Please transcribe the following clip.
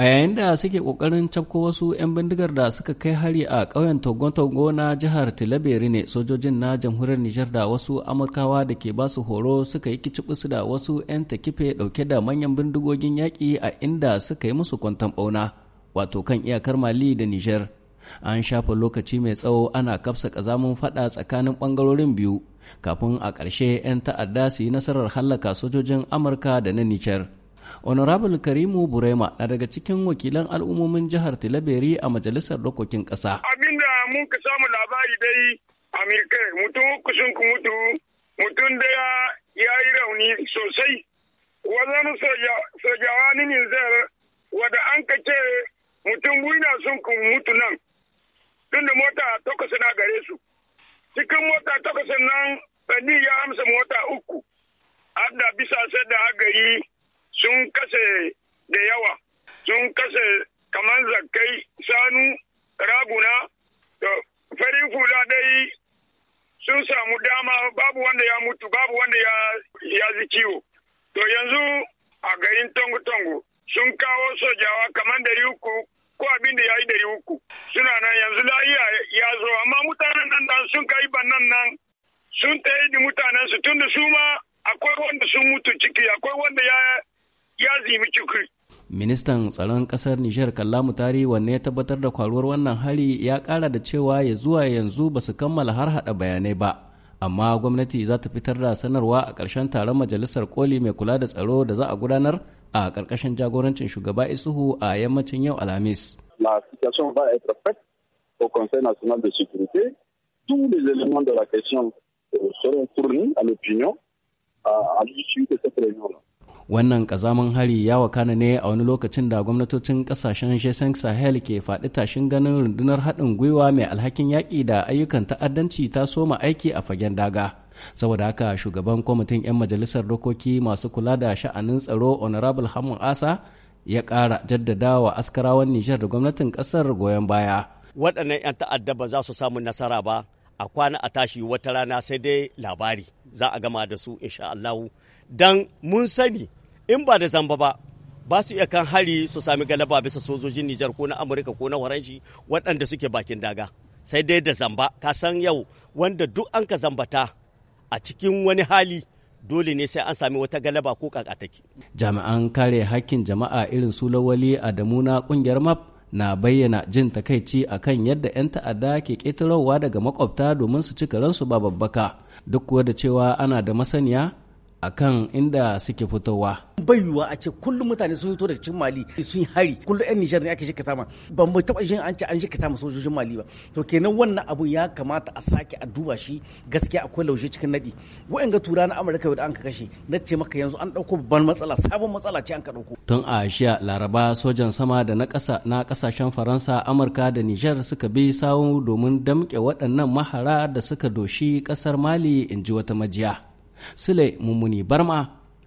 a yayin da suke kokarin cafko wasu 'yan bindigar da suka kai hari a ƙauyen togon-togo na jihar tilaberi ne sojojin na jamhuriyar nijar da wasu amurkawa da ke basu horo suka yi kicibisu da wasu 'yan takife ɗauke da manyan bindigogin yaƙi a inda suka yi musu kwantan ɓauna wato kan iyakar mali da nijar an shafa lokaci mai tsawo ana kafsa ƙazamin faɗa tsakanin ɓangarorin biyu kafin a ƙarshe 'yan ta'adda su yi nasarar hallaka sojojin amurka da na nijar honorable karimu burema na daga cikin wakilan al'ummomin jihar tilaberi a majalisar dokokin ƙasa. abinda mun ka samu labari dai amurka mutum uku sun ku mutu mutum daya ya yi rauni sosai wajen sojawa ni nizar wada an ka ce mutum wina sun ku mutu nan tunda mota takwas na gare su cikin mota takwas nan bani ya amsa mota uku Abda bisa sai da yi. sun kashe da yawa sun kashe kamar zakai shanu raguna da farin fula dai sun samu dama babu wanda ya mutu babu wanda ya ya ji ciwo to yanzu a garin tongo-tongo sun kawo sojawa kamar dari uku ko abin da ya yi dari uku suna nan yanzu lahiya ya zo amma mutanen nan nan sun kai bannan nan sun ta yi mutanen su tunda su ma akwai wanda sun mutu ciki akwai wanda ya ya zimi cikin. Ministan tsaron ƙasar Nijar Kallamu Tari wanne ya tabbatar da kwaruwar wannan hali ya kara da cewa ya zuwa yanzu ba su kammala har hada bayanai ba. Amma gwamnati za ta fitar da sanarwa a ƙarshen taron majalisar koli mai kula da tsaro da za a gudanar a ƙarƙashin jagorancin shugaba Isuhu a yammacin yau Alhamis. La situation va être faite au Conseil national de sécurité. Tous les éléments la question seront fournis à l'opinion à l'issue de cette réunion wannan kazaman hari ya wakana ne a wani lokacin da gwamnatocin kasashen jason sahel ke faɗi tashin ganin rundunar haɗin gwiwa mai alhakin yaƙi da ayyukan ta'addanci ta soma aiki a fagen daga saboda haka shugaban kwamitin 'yan majalisar dokoki masu kula da sha'anin tsaro honorable hamun asa ya ƙara jaddadawa askarawan nijar da gwamnatin ƙasar goyon baya waɗannan 'yan ta'adda ba za su samu nasara ba a kwana a tashi wata rana sai dai labari za a gama da su insha Allahu dan mun sani in ba da zamba ba ba su iya kan hari su sami galaba bisa sojojin Nijar ko na Amurka ko na Faranshi waɗanda suke bakin daga sai dai da zamba ka san yau wanda duk an ka zambata a cikin wani hali dole ne sai an sami wata galaba ko kakataki. Jami'an kare hakkin jama'a irin su lawali Adamu na kungiyar MAP na bayyana jin takaici a kan yadda 'yan ta'adda ke ƙetarowa daga makwabta domin su cika ransu ba babbaka duk kuwa da cewa ana da masaniya akan inda suke fitowa bai yiwuwa a ce kullum mutane sun fito daga cikin mali sun yi hari kullum yan nijar ne ake shi ma ba mu taba jin an ce an shi ma sojojin mali ba to kenan wannan abu ya kamata a sake a duba shi gaskiya akwai laushe cikin nadi wa'anga tura na amurka yau da an ka kashe na ce maka yanzu an dauko babban matsala sabon matsala ce an ka dauko tun a shiya laraba sojan sama da na kasa na kasashen faransa amurka da nijar suka bi sawu domin damke waɗannan mahara da suka doshi kasar mali in ji wata majiya sule mummuni barma